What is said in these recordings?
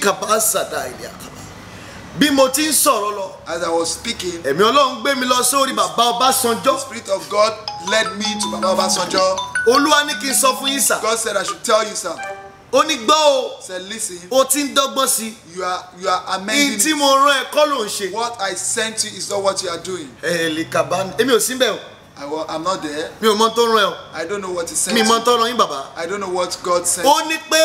kabasada iliakaba bí mo ti ń sọ̀rọ̀ lọ. as i was speaking. ẹ̀mí ọlọ́run gbé mi lọ sórí bàbá ọbásanjọ́. the spirit of God led me to bàbá ọbásanjọ́. olúwa ní kí n sọ fún yín sà. God said i should tell you sir. ó ní gbọ́ o. said listen. o ti ń dọ́gbọ́n sí. you are you are amending. In tí mo rán ẹ kọ́ ló ń ṣe. what i sent you is not what you are doing. ẹ̀ẹ́lì kaba èmi ò sí bẹ́ẹ̀ o. I was, I'm not there. Mi ò mọ tó rán ẹ o. I don't know what he sent. Mi mọ tó rán yín bàbá. I don't know what God sent. Ó ní pé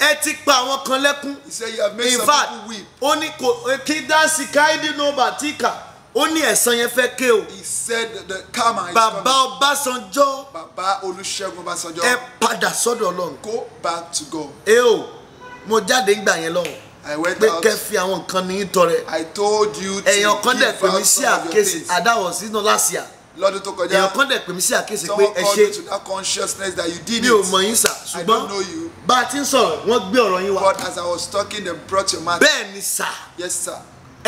ẹ ti pa àwọn kan lẹ́kún. he said you have made In some fact, people weep. ó ní kò eh, kí dási káídì nọmba tí kà ó ní ẹ̀san yẹn fẹ́ ké o. he said bàbá Ọbásanjọ́. ẹ padà sọ́dọ̀ Ọlọ́run. go back to God. ẹ o mo jáde ń yẹn lọ́wọ́. I went out. Pé kẹ́ fi àwọn nǹkan ní tọrẹ. I told you to Èèyàn kan dẹ̀ pè mí sí àkíyèsí. Adáwọ̀ sínú last year. Lọ́dún tó kọjá. Èèyàn kan dẹ̀ pè mí sí àkíyèsí pé ẹ ṣe. Someone called me to that consciousness that you did it. Mi ò mọ̀ yín sà, ṣùgbọ́n. I don't know you bá a ti ń sọ̀rọ̀ wọ́n gbé ọ̀rọ̀ yín wá. but as I was talking they brought your matter. bẹ́ẹ̀ ni sà. yes sir.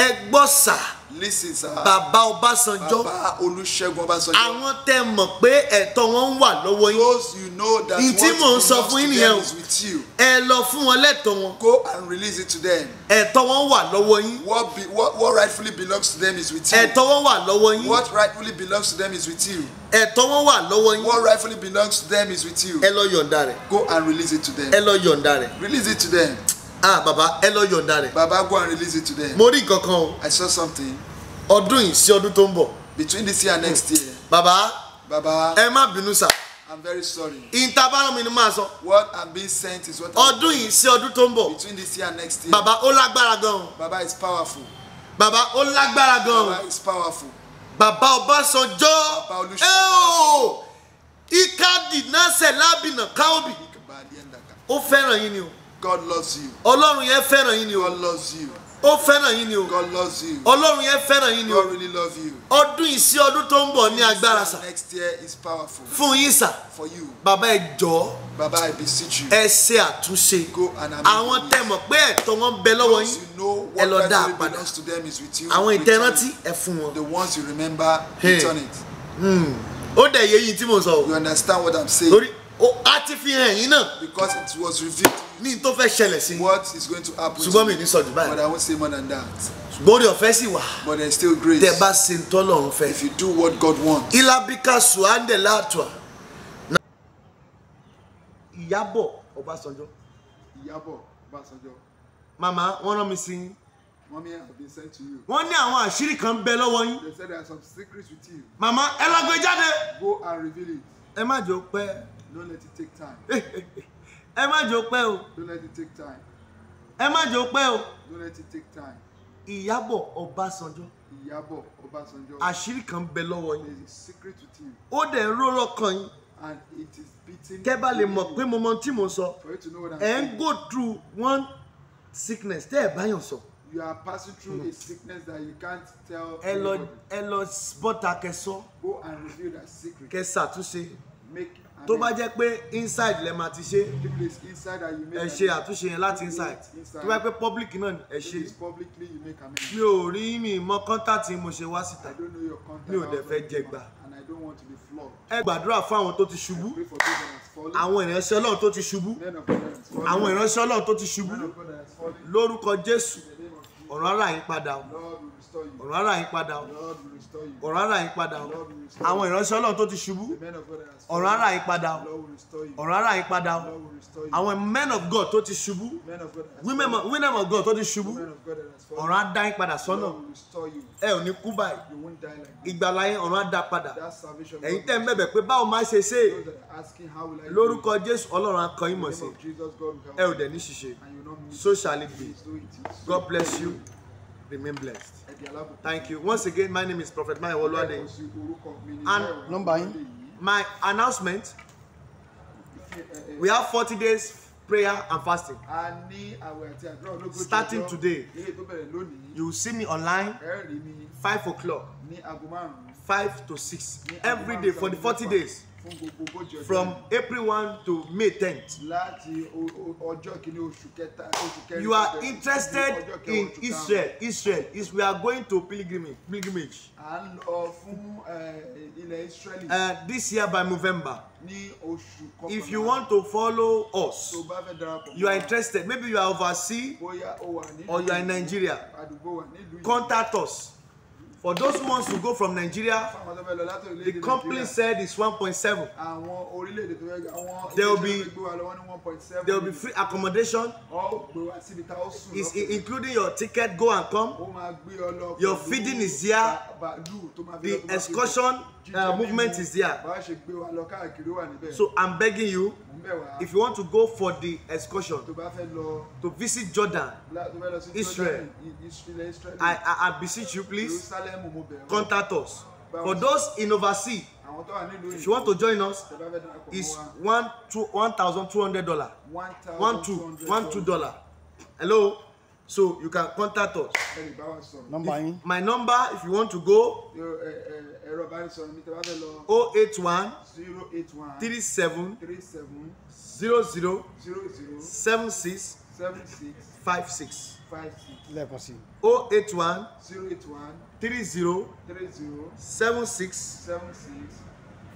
ẹ gbọ́ sà listen sir. bàbá ọbásanjọ́. bàbá olúṣẹ́gun ọbásanjọ́. àwọn tẹ mọ̀ pé ẹ̀tọ́ wọn wà lọ́wọ́ yín. those you know that what you must do them is with you. ẹ lọ fún wọn lẹ́tọ̀ wọn. go and release it to them. ẹ̀tọ́ wọn wà lọ́wọ́ yín. what be what what rightfully belongs to them is with you. ẹ̀tọ́ wọn wà lọ́wọ́ yín. what rightfully belongs to them is with you. ẹ̀tọ́ wọn wà lọ́wọ́ yín. what rightfully belongs to them is with you. ẹ lọ yọ̀ǹda rẹ̀. go and release it to them. ẹ lọ yọ̀ǹda rẹ̀. release it to them ah baba ẹ lọ yọ̀ǹda rẹ̀. baba go and release it today. mo rí nǹkan o. i saw something. ọdún yìí sí ọdún tó ń bọ̀. between this year and next year. baba baba ẹ má bínú sá. I'm very sorry. Ìtabára mi ni máa sọ. What I'm being sent is what. Ọdún yìí sí ọdún tó ń bọ̀. Between this year and next year. Baba, ó lágbára gan-an. Bàbá is powerful. Baba, ó lágbára gan-an. Bàbá is powerful. Baba, Ọbásanjọ́. Bàbá Olúṣọlá. Ẹ o! Ikadi náà ṣẹ̀ lábìnà káwọ́bì. Ó fẹ́ràn yín ni o. God loves you. Ọlọ́run yẹn fẹ́ràn yín ni o. God loves you. Ó fẹ́ràn yín ni o. God loves you. Ọlọ́run yẹn fẹ́ràn yín ni o. God really loves you. Ọdún ìsí ọdún tó ń bọ̀ ní agbára sà. Next year is powerful. Fún yín sà. For you. Bàbá ẹ jọ̀ọ́. Bàbá I beseech you. Ẹ ṣe àtúnṣe. Go and amend it. Àwọn tẹ mọ̀ pé ẹ̀tọ́ wọn bẹ lọ́wọ́ yín. Ẹ lọ dá a padà. Àwọn ìtẹ́rántí ẹ fún wọn. The ones you remember, return it. Hmm. Ó dẹ̀ yé yín tí mo sọ You understand what I'm saying? a ti fi hàn yín náà. because it was revealed. ní tó fẹ́ ṣẹlẹ̀ sí. what is going to happen. ṣùgbọ́n mi ní sọ jù but I won't say more than that. Gbórí ọ̀fẹ́ sì wà. But there is still grace. Tẹ bá ṣe ń tọ́lọ́run fẹ́. If you do what God wants. Ilabika Suande Latua. Ìyábọ̀ Ọbásanjọ́. Ìyábọ̀ Ọbásanjọ́. Màmá wọ́n rán mi sí yín. Mommy, I have been sent to you. Wọ́n ní àwọn àṣírí kan bẹ lọ́wọ́ yín. They said there are some secrets with you. Màmá ẹ jáde. Go and reveal it. Ẹ má jò pẹ́ don't let it take time. Eh, eh, eh. ẹ má jò pẹ́ o. don't let it take time. ẹ má jò pẹ́ o. don't let it take time. ìyábọ̀ ọbásanjọ́. ìyábọ̀ ọbásanjọ́. àṣírí kan bẹ lọ́wọ́ yín. there is a secret with him. ó dẹ̀ ń ró lọ́kàn yín and it is beating. kẹ́ bá lè mọ̀ pé mo mọ tí mo sọ ẹ̀ ń go through one sickness tẹ́ ẹ̀ báyàn sọ. you are passing through mm. a sickness that you can't tell. ẹ lọ ẹ lọ bọ́ta kẹ go and reveal that secret. kẹ ṣàtúnṣe. make tó bá jẹ́ pé inside lẹ máa ti ṣe ẹ ṣe àtúnṣe yẹn láti inside tó bá jẹ́ pé public náà ẹ ṣe mi ò rí mi mọ contact mo ṣe wá síta mi ò dẹ̀ fẹ́ jẹ gbà ẹ gbàdúrà fún àwọn tó ti ṣubú àwọn ìránṣẹ́ Ọlọ́run tó ti ṣubú àwọn ìránṣẹ́ Ọlọ́run tó ti ṣubú lórúkọ Jésù ọ̀run ara yín padà o ọ̀run ara yín padà o ọ̀run ara yín padà o àwọn ìránṣẹ́ ọlọ́run tó ti ṣubú ọ̀run ara yín padà o ọ̀run ara yín padà o àwọn men of God tó ti ṣubú women of God tó ti ṣubú ọ̀run á dá yín padà sọ́nà ẹ ò ní kú báyìí ìgbàlá yín ọ̀run á dá padà ẹ̀yin tẹ́ ń bẹ̀bẹ̀ pé báwo máa ṣe ṣe lórúkọ Jésù ọlọ́run á kọ sí ẹ ò dẹ̀ ní ṣiṣẹ́ so shall it be God bless you remain blessed. Thank you. Once again, my name is Prophet Maya Oluwade. And number my announcement, we have 40 days prayer and fasting. Starting today, you will see me online 5 o'clock, 5 to 6, every day for the 40 days from April one to May tenth. láti ọjọ́ kìíní oṣù kẹta oṣù kẹrin. you are interested in Israel Israel is we are going to pilgrimage. pilgrimage. à fún ilẹ̀ Israeli. Uh, this year by November. ní oṣù kọkànlá. if you want to follow us. tó bá fẹ́ darapọ̀. you are interested maybe you are overseas. bóyá o wà nílùú. or you are in Nigeria. àdúgbò wà nílùú. contact us. For those who want to go from Nigeria, the company said it's 1.7. There will be there will be free accommodation, Is including your ticket, go and come. Your feeding is here. The excursion uh, movement is there. So I'm begging you, if you want to go for the excursion, to visit Jordan, Israel, I, I beseech you, please contact us for those in overseas if you want to join us it's one two one thousand two hundred dollar one two one two dollar hello so you can contact us number if, my number if you want to go oh eight one zero eight one three seven zero zero zero seven six seven six five six five six lẹ́ẹ̀kan sí o eight one zero eight one three zero three zero seven six seven six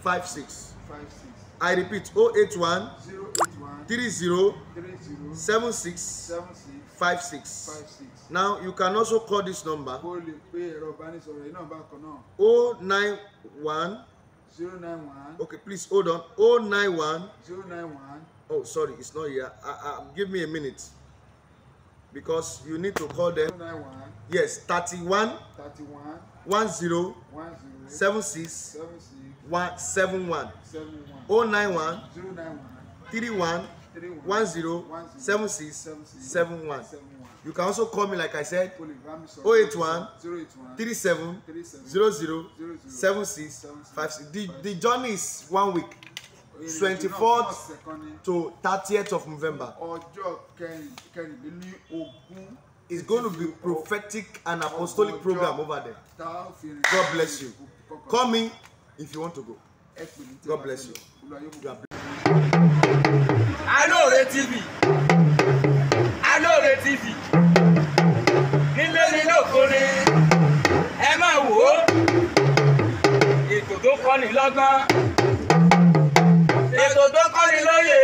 five six five six I repeat o eight one zero eight one three zero three zero seven six seven six five six now you can also call this number o lè o nine one zero nine one okay please hold on o nine one zero nine one oh sorry it's not here I, I, give me a minute because you need to call them yes 31 31 10 10 76 76 one, 71 71 091 091 31 Seven 10 Seven one. you can also call me like i said 081 37 00 76 56 the, the journey is one week 24th to 30th of November. It's going to be prophetic and apostolic program over there. God bless you. Call me if you want to go. God bless you. you are Alore TV. Alore TV. Nílé ni lóko ni ẹ máa wò ó. Ètò tó kọ́ni lọ́gbọ́n ètò tó kọ́ni lóye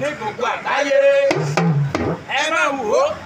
ní gbogbo àgbáyé ẹ máa wò ó.